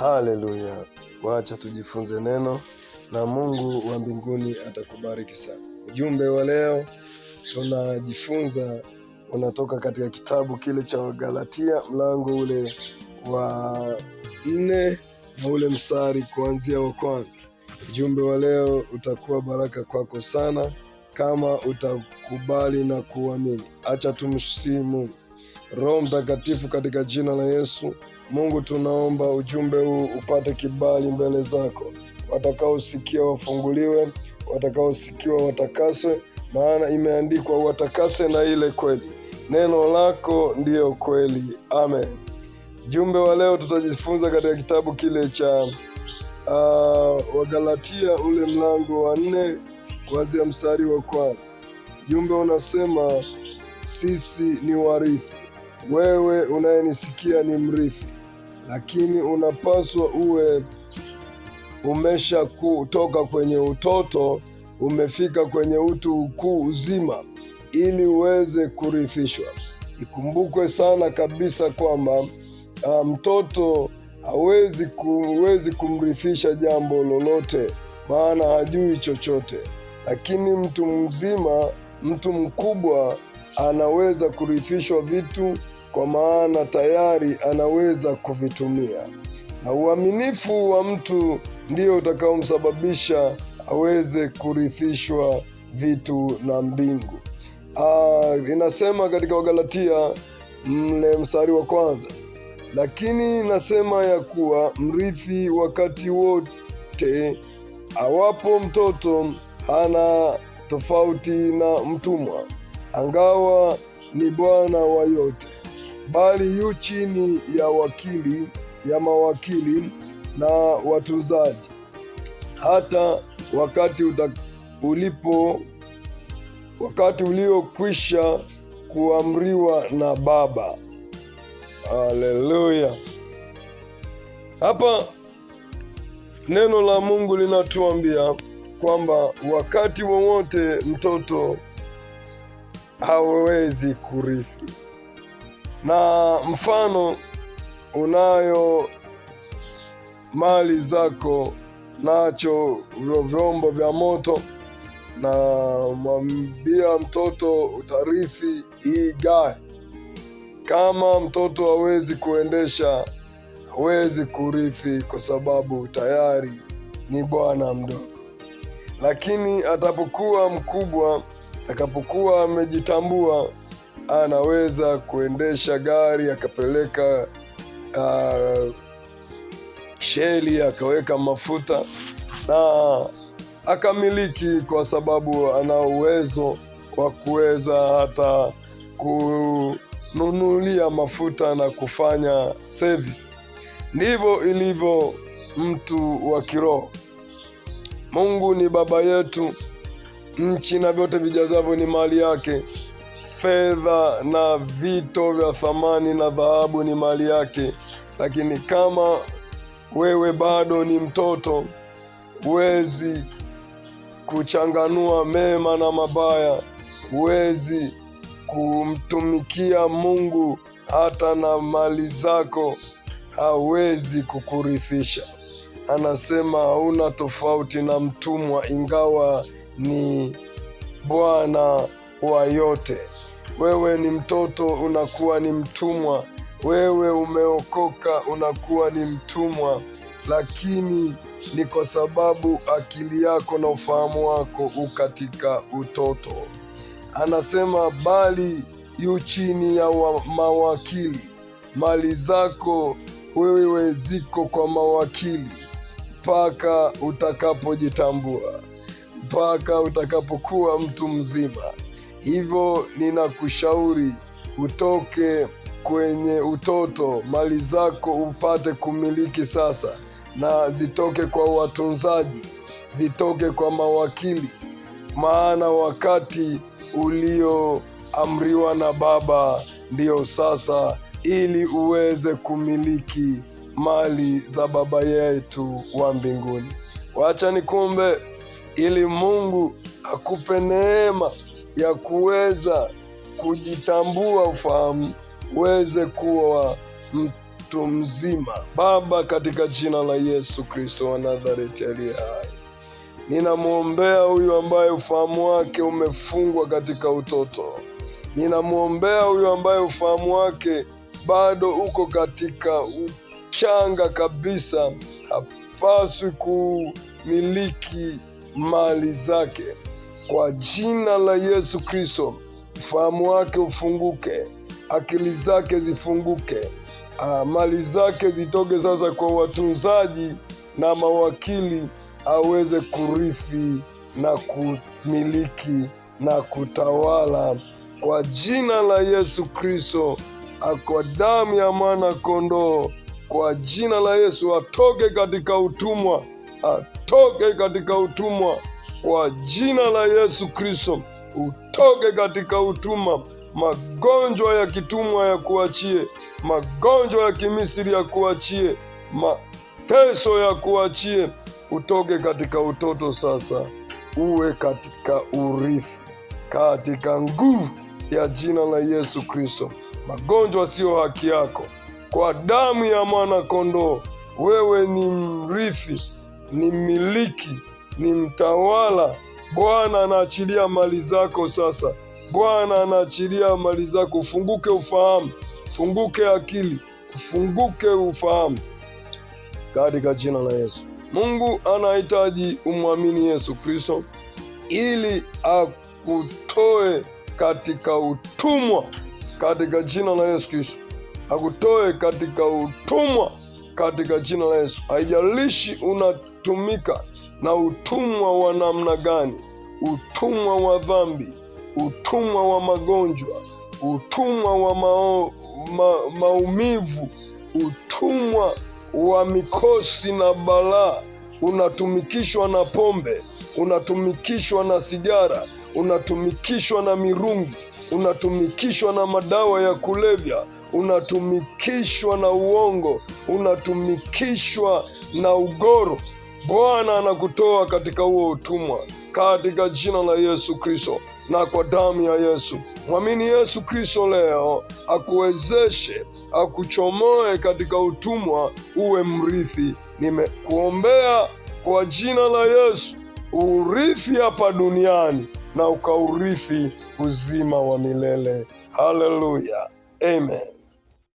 Haleluya! Wacha tujifunze neno na Mungu wa mbinguni atakubariki sana. Ujumbe wa leo tunajifunza unatoka katika kitabu kile cha Wagalatia mlango ule wa nne na ule mstari kuanzia wa kwanza. Ujumbe wa leo utakuwa baraka kwako sana kama utakubali na kuamini. Acha tumsihi Mungu. Roho Mtakatifu, katika jina la Yesu. Mungu, tunaomba ujumbe huu upate kibali mbele zako. Watakaosikia wafunguliwe, watakaosikiwa watakaswe, maana imeandikwa, watakase na ile kweli, neno lako ndiyo kweli. Amen. Jumbe wa leo tutajifunza katika kitabu kile cha uh, Wagalatia ule mlango wa nne kuanzia mstari wa kwanza. Jumbe unasema sisi ni warithi wewe unayenisikia ni mrithi, lakini unapaswa uwe umesha kutoka kwenye utoto umefika kwenye utu ukuu uzima, ili uweze kurithishwa. Ikumbukwe sana kabisa kwamba ah, mtoto hawezi huwezi kumrithisha jambo lolote, maana hajui chochote, lakini mtu mzima, mtu mkubwa anaweza kurithishwa vitu kwa maana tayari anaweza kuvitumia, na uaminifu wa mtu ndio utakaomsababisha aweze kurithishwa vitu na mbingu. Aa, ah, inasema katika Wagalatia mle mstari wa kwanza, lakini nasema ya kuwa mrithi wakati wote awapo mtoto ana tofauti na mtumwa, angawa ni bwana wa yote bali yu chini ya wakili ya mawakili na watunzaji hata wakati ulipo wakati uliokwisha kuamriwa na Baba. Haleluya! Hapa neno la Mungu linatuambia kwamba wakati wowote mtoto hawezi kurithi na mfano unayo mali zako nacho vyombo vya moto, na mwambia mtoto utarithi hii gari. Kama mtoto hawezi kuendesha, hawezi kurithi, kwa sababu tayari ni bwana mdogo. Lakini atapokuwa mkubwa, atakapokuwa amejitambua anaweza kuendesha gari akapeleka uh, sheli akaweka mafuta na akamiliki, kwa sababu ana uwezo wa kuweza hata kununulia mafuta na kufanya service. Ndivyo ilivyo mtu wa kiroho. Mungu ni baba yetu, nchi na vyote vijazavyo ni mali yake fedha na vito vya thamani na dhahabu ni mali yake, lakini kama wewe bado ni mtoto, huwezi kuchanganua mema na mabaya, huwezi kumtumikia Mungu hata na mali zako hawezi kukurithisha. Anasema hauna tofauti na mtumwa, ingawa ni bwana wa yote. Wewe ni mtoto unakuwa ni mtumwa, wewe umeokoka unakuwa ni mtumwa, lakini ni kwa sababu akili yako na ufahamu wako ukatika utoto. Anasema bali yu chini ya mawakili, mali zako wewe ziko kwa mawakili mpaka utakapojitambua, mpaka utakapokuwa mtu mzima. Hivyo ninakushauri utoke kwenye utoto, mali zako upate kumiliki sasa, na zitoke kwa watunzaji, zitoke kwa mawakili, maana wakati ulioamriwa na Baba ndiyo sasa, ili uweze kumiliki mali za Baba yetu wa mbinguni. Wacha nikumbe, ili Mungu akupe neema ya kuweza kujitambua ufahamu uweze kuwa mtu mzima. Baba, katika jina la Yesu Kristo wa Nazareti aliye hai, ninamwombea huyu ambaye ufahamu wake umefungwa katika utoto. Ninamwombea huyu ambaye ufahamu wake bado uko katika uchanga kabisa, hapaswi kumiliki mali zake. Kwa jina la Yesu Kristo, ufahamu wake ufunguke, akili zake zifunguke, ah, mali zake zitoke sasa kwa watunzaji na mawakili, aweze kurithi na kumiliki na kutawala kwa jina la Yesu Kristo, kwa damu ya mwana kondoo, kwa jina la Yesu, atoke katika utumwa, atoke katika utumwa kwa jina la Yesu Kristo, utoke katika utumwa. Magonjwa ya kitumwa ya kuachie, magonjwa ya kimisiri ya kuachie, mateso ya kuachie. Utoke katika utoto sasa, uwe katika urithi, katika nguvu ya jina la Yesu Kristo. Magonjwa siyo haki yako, kwa damu ya mwana kondoo wewe ni mrithi, ni miliki ni mtawala. Bwana anaachilia mali zako sasa. Bwana anaachilia mali zako. Ufunguke ufahamu, funguke akili, ufunguke ufahamu katika jina la Yesu. Mungu anahitaji umwamini Yesu Kristo ili akutoe katika utumwa katika jina la Yesu Kristo, akutoe katika utumwa katika jina la Yesu. Haijalishi unatumika na utumwa wa namna gani, utumwa wa dhambi, utumwa wa magonjwa, utumwa wa mao, ma, maumivu, utumwa wa mikosi na balaa. Unatumikishwa na pombe, unatumikishwa na sigara, unatumikishwa na mirungu unatumikishwa na madawa ya kulevya unatumikishwa na uongo, unatumikishwa na ugoro. Bwana anakutoa katika huo utumwa katika jina la Yesu Kristo na kwa damu ya Yesu. Mwamini Yesu Kristo leo akuwezeshe, akuchomoe katika utumwa, uwe mrithi. Nimekuombea kwa jina la Yesu, urithi hapa duniani na ukaurithi uzima wa milele. Haleluya, amen.